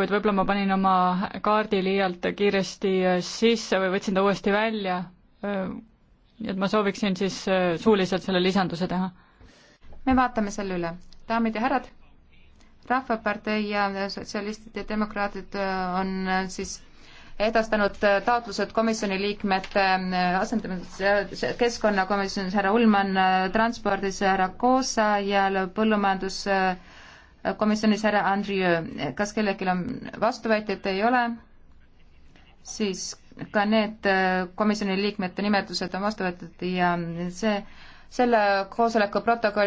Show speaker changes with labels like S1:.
S1: kuid võib-olla ma panin oma kaardi liialt kiiresti sisse või võtsin ta uuesti välja. et ma sooviksin siis äh, suuliselt selle lisanduse teha.
S2: me vaatame selle üle. daamid ja härrad, Rahvapartei ja Sotsialistid ja Demokraadid äh, on äh, siis edastanud taotlused komisjoni liikmete asendamiseks keskkonnakomisjonis härra Ullmann, transpordis härra Koosa ja põllumajandus äh, komisjonis härra Andrieu, kas kellelgi on vastuväiteid, ei ole, siis ka need äh, komisjoni liikmete nimetused on vastu võetud ja see, selle koosoleku protokoll